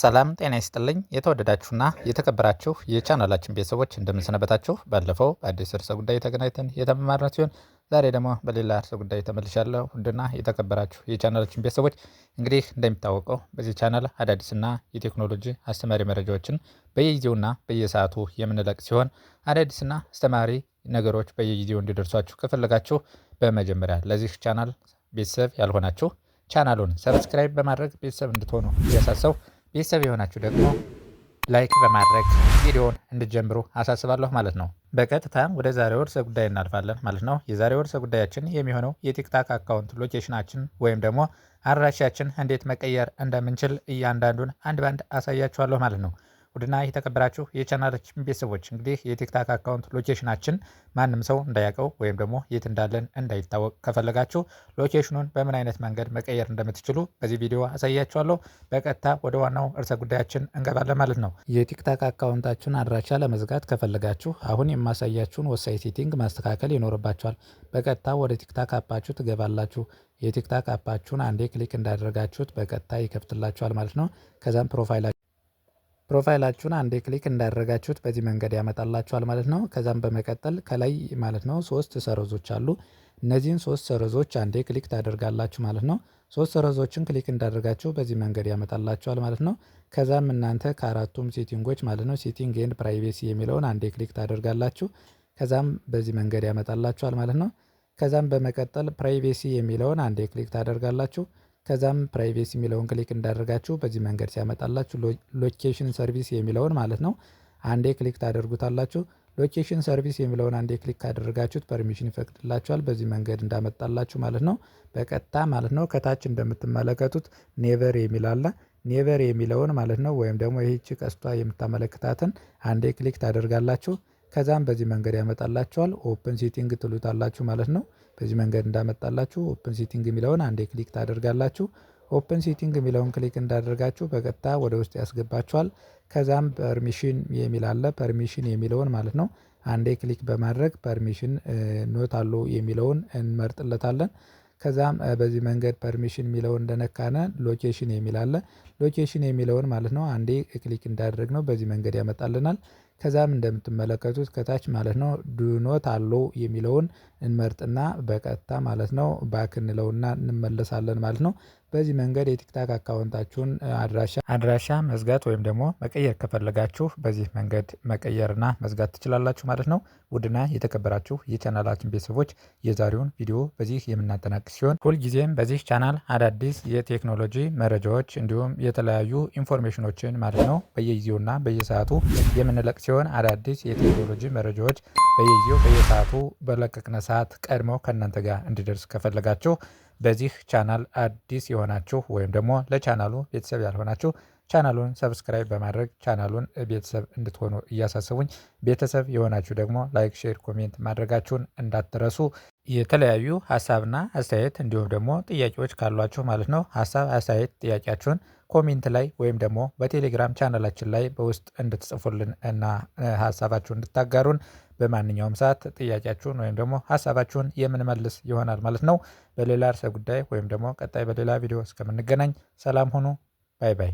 ሰላም ጤና ይስጥልኝ የተወደዳችሁና የተከበራችሁ የቻናላችን ቤተሰቦች እንደምንሰነበታችሁ። ባለፈው በአዲስ ርዕሰ ጉዳይ ተገናኝተን የተመማርነ ሲሆን ዛሬ ደግሞ በሌላ ርዕሰ ጉዳይ ተመልሻለሁ። ውድና የተከበራችሁ የቻናላችን ቤተሰቦች እንግዲህ እንደሚታወቀው በዚህ ቻናል አዳዲስና የቴክኖሎጂ አስተማሪ መረጃዎችን በየጊዜውና በየሰዓቱ የምንለቅ ሲሆን አዳዲስና አስተማሪ ነገሮች በየጊዜው እንዲደርሷችሁ ከፈለጋችሁ በመጀመሪያ ለዚህ ቻናል ቤተሰብ ያልሆናችሁ ቻናሉን ሰብስክራይብ በማድረግ ቤተሰብ እንድትሆኑ እያሳሰብኩ ቤተሰብ የሆናችሁ ደግሞ ላይክ በማድረግ ቪዲዮን እንድጀምሩ አሳስባለሁ ማለት ነው። በቀጥታ ወደ ዛሬው ርዕሰ ጉዳይ እናልፋለን ማለት ነው። የዛሬው ርዕሰ ጉዳያችን የሚሆነው የቲክታክ አካውንት ሎኬሽናችን ወይም ደግሞ አድራሻችን እንዴት መቀየር እንደምንችል እያንዳንዱን አንድ ባንድ አሳያችኋለሁ ማለት ነው። ውድና የተከበራችሁ የቻናላችን ቤተሰቦች እንግዲህ የቲክታክ አካውንት ሎኬሽናችን ማንም ሰው እንዳያውቀው ወይም ደግሞ የት እንዳለን እንዳይታወቅ ከፈለጋችሁ ሎኬሽኑን በምን አይነት መንገድ መቀየር እንደምትችሉ በዚህ ቪዲዮ አሳያችኋለሁ። በቀጥታ ወደ ዋናው እርሰ ጉዳያችን እንገባለን ማለት ነው። የቲክታክ አካውንታችሁን አድራሻ ለመዝጋት ከፈለጋችሁ አሁን የማሳያችሁን ወሳኝ ሴቲንግ ማስተካከል ይኖርባችኋል። በቀጥታ ወደ ቲክታክ አፓችሁ ትገባላችሁ። የቲክታክ አፓችሁን አንዴ ክሊክ እንዳደረጋችሁት በቀጥታ ይከፍትላችኋል ማለት ነው። ከዛም ፕሮፋይላ ፕሮፋይላችሁን አንዴ ክሊክ እንዳደረጋችሁት በዚህ መንገድ ያመጣላችኋል ማለት ነው። ከዛም በመቀጠል ከላይ ማለት ነው ሶስት ሰረዞች አሉ። እነዚህን ሶስት ሰረዞች አንዴ ክሊክ ታደርጋላችሁ ማለት ነው። ሶስት ሰረዞችን ክሊክ እንዳደርጋችሁ በዚህ መንገድ ያመጣላችኋል ማለት ነው። ከዛም እናንተ ከአራቱም ሴቲንጎች ማለት ነው ሴቲንግ ኤንድ ፕራይቬሲ የሚለውን አንዴ ክሊክ ታደርጋላችሁ። ከዛም በዚህ መንገድ ያመጣላችኋል ማለት ነው። ከዛም በመቀጠል ፕራይቬሲ የሚለውን አንዴ ክሊክ ታደርጋላችሁ ከዛም ፕራይቬሲ የሚለውን ክሊክ እንዳደረጋችሁ በዚህ መንገድ ሲያመጣላችሁ ሎኬሽን ሰርቪስ የሚለውን ማለት ነው አንዴ ክሊክ ታደርጉታላችሁ። ሎኬሽን ሰርቪስ የሚለውን አንዴ ክሊክ ካደረጋችሁት ፐርሚሽን ይፈቅድላችኋል። በዚህ መንገድ እንዳመጣላችሁ ማለት ነው በቀጥታ ማለት ነው። ከታች እንደምትመለከቱት ኔቨር የሚል አለ። ኔቨር የሚለውን ማለት ነው ወይም ደግሞ ይህቺ ቀስቷ የምታመለክታትን አንዴ ክሊክ ታደርጋላችሁ። ከዛም በዚህ መንገድ ያመጣላችኋል ኦፕን ሲቲንግ ትሉታላችሁ ማለት ነው። በዚህ መንገድ እንዳመጣላችሁ ኦፕን ሲቲንግ የሚለውን አንዴ ክሊክ ታደርጋላችሁ። ኦፕን ሲቲንግ የሚለውን ክሊክ እንዳደርጋችሁ በቀጥታ ወደ ውስጥ ያስገባችኋል። ከዛም ፐርሚሽን የሚል አለ ፐርሚሽን የሚለውን ማለት ነው አንዴ ክሊክ በማድረግ ፐርሚሽን ኖት አለው የሚለውን እንመርጥለታለን። ከዛም በዚህ መንገድ ፐርሚሽን የሚለውን እንደነካነ ሎኬሽን የሚል አለ ሎኬሽን የሚለውን ማለት ነው አንዴ ክሊክ እንዳደረግነው በዚህ መንገድ ያመጣልናል። ከዛም እንደምትመለከቱት ከታች ማለት ነው ዱኖት አለው የሚለውን እንመርጥና በቀጥታ ማለት ነው ባክ እንለውና እንመለሳለን ማለት ነው። በዚህ መንገድ የቲክታክ አካውንታችሁን አድራሻ አድራሻ መዝጋት ወይም ደግሞ መቀየር ከፈለጋችሁ በዚህ መንገድ መቀየርና መዝጋት ትችላላችሁ ማለት ነው። ውድና የተከበራችሁ የቻናላችን ቤተሰቦች የዛሬውን ቪዲዮ በዚህ የምናጠናቅቅ ሲሆን ሁልጊዜም በዚህ ቻናል አዳዲስ የቴክኖሎጂ መረጃዎች እንዲሁም የተለያዩ ኢንፎርሜሽኖችን ማለት ነው በየጊዜውና በየሰዓቱ የምንለቅ ሲሆን አዳዲስ የቴክኖሎጂ መረጃዎች በየጊዜው በየሰዓቱ በለቀቅነ ሰዓት ቀድመው ከእናንተ ጋር እንዲደርስ ከፈለጋችሁ በዚህ ቻናል አዲስ የሆናችሁ ወይም ደግሞ ለቻናሉ ቤተሰብ ያልሆናችሁ ቻናሉን ሰብስክራይብ በማድረግ ቻናሉን ቤተሰብ እንድትሆኑ እያሳሰቡኝ ቤተሰብ የሆናችሁ ደግሞ ላይክ፣ ሼር፣ ኮሜንት ማድረጋችሁን እንዳትረሱ። የተለያዩ ሀሳብና አስተያየት እንዲሁም ደግሞ ጥያቄዎች ካሏችሁ ማለት ነው ሀሳብ አስተያየት ጥያቄያችሁን ኮሜንት ላይ ወይም ደግሞ በቴሌግራም ቻናላችን ላይ በውስጥ እንድትጽፉልን እና ሀሳባችሁ እንድታጋሩን በማንኛውም ሰዓት ጥያቄያችሁን ወይም ደግሞ ሀሳባችሁን የምንመልስ ይሆናል ማለት ነው። በሌላ አርሰ ጉዳይ ወይም ደግሞ ቀጣይ በሌላ ቪዲዮ እስከምንገናኝ ሰላም ሁኑ። ባይ ባይ።